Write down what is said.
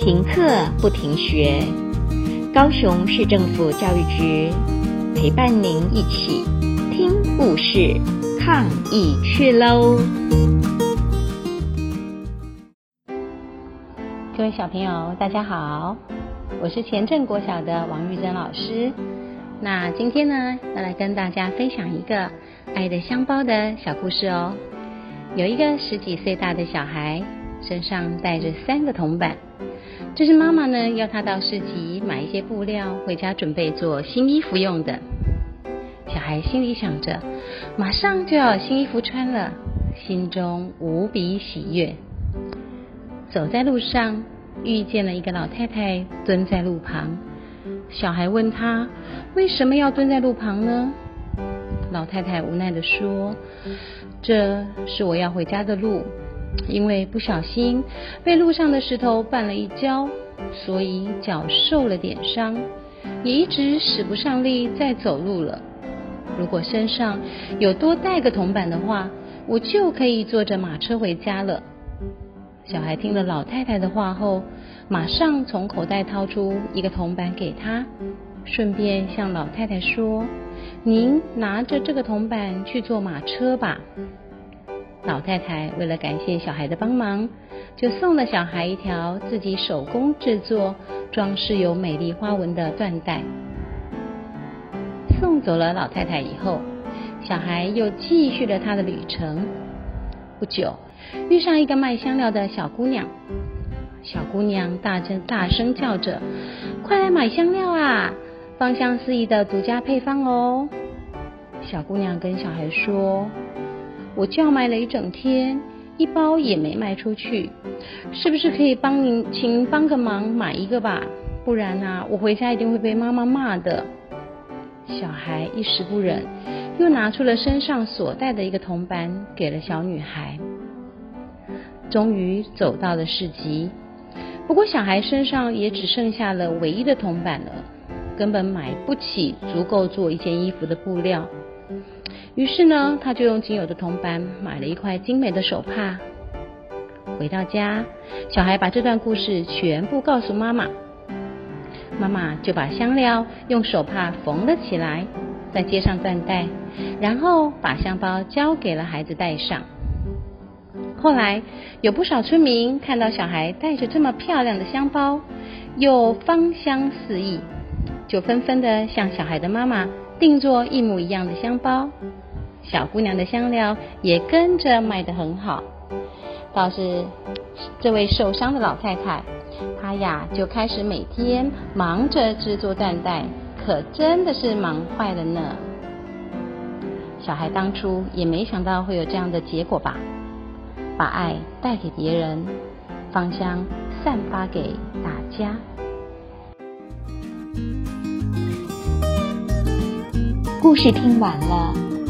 停課不停學，高雄市政府教育局陪伴您一起聽故事、抗疫趣嘍！各位小朋友，大家好，我是前鎮國小的王玉珍老師。那今天呢，要來跟大家分享一個《愛的香包》的小故事哦。有一個十幾歲大的小孩，身上帶着三個銅板。這是媽媽呢，要她到市集買一些布料，回家準備做新衣服用的。小孩心裡想着，馬上就要有新衣服穿了，心中無比喜悅。走在路上，遇見了一個老太太蹲在路旁。小孩問她為什麼要蹲在路旁呢？老太太無奈的說：“這是我要回家的路。”因為不小心被路上的石頭絆了一跤，所以腳受了點傷，也一直使不上力再走路了。如果身上有多帶個銅板的話，我就可以坐着馬車回家了。小孩聽了老太太的話後，馬上從口袋掏出一個銅板給她，順便向老太太說：“您拿着這個銅板去坐馬車吧。”老太太為了感謝小孩的幫忙，就送了小孩一條自己手工製作、裝飾有美麗花紋的緞帶。送走了老太太以後，小孩又繼續了他的旅程。不久，遇上一個賣香料的小姑娘。小姑娘大聲大聲叫着：“快來買香料啊！芳香四溢的獨家配方哦！”小姑娘跟小孩說。我叫賣了一整天，一包也沒賣出去，是不是可以幫您，請幫個忙買一個吧？不然呢啊，我回家一定會被媽媽罵的。小孩一時不忍，又拿出了身上所帶的一個銅板給了小女孩。終於走到了市集，不過小孩身上也只剩下了唯一的銅板了，根本買不起足夠做一件衣服的布料。於是呢，他就用僅有的銅板買了一塊精美的手帕。回到家，小孩把這段故事全部告訴媽媽。媽媽就把香料用手帕縫了起來，再繫上緞帶，然後把香包交給了孩子帶上。後來有不少村民看到小孩帶着這麼漂亮的香包，又芳香四溢，就紛紛的向小孩的媽媽定做一模一樣的香包。小姑娘的香料也跟着賣得很好，倒是這位受傷的老太太，她呀就開始每天忙着製作緞帶，可真的是忙壞了呢。小孩當初也沒想到會有這樣的結果吧？把愛帶給別人，芳香散發給大家。故事聽完了。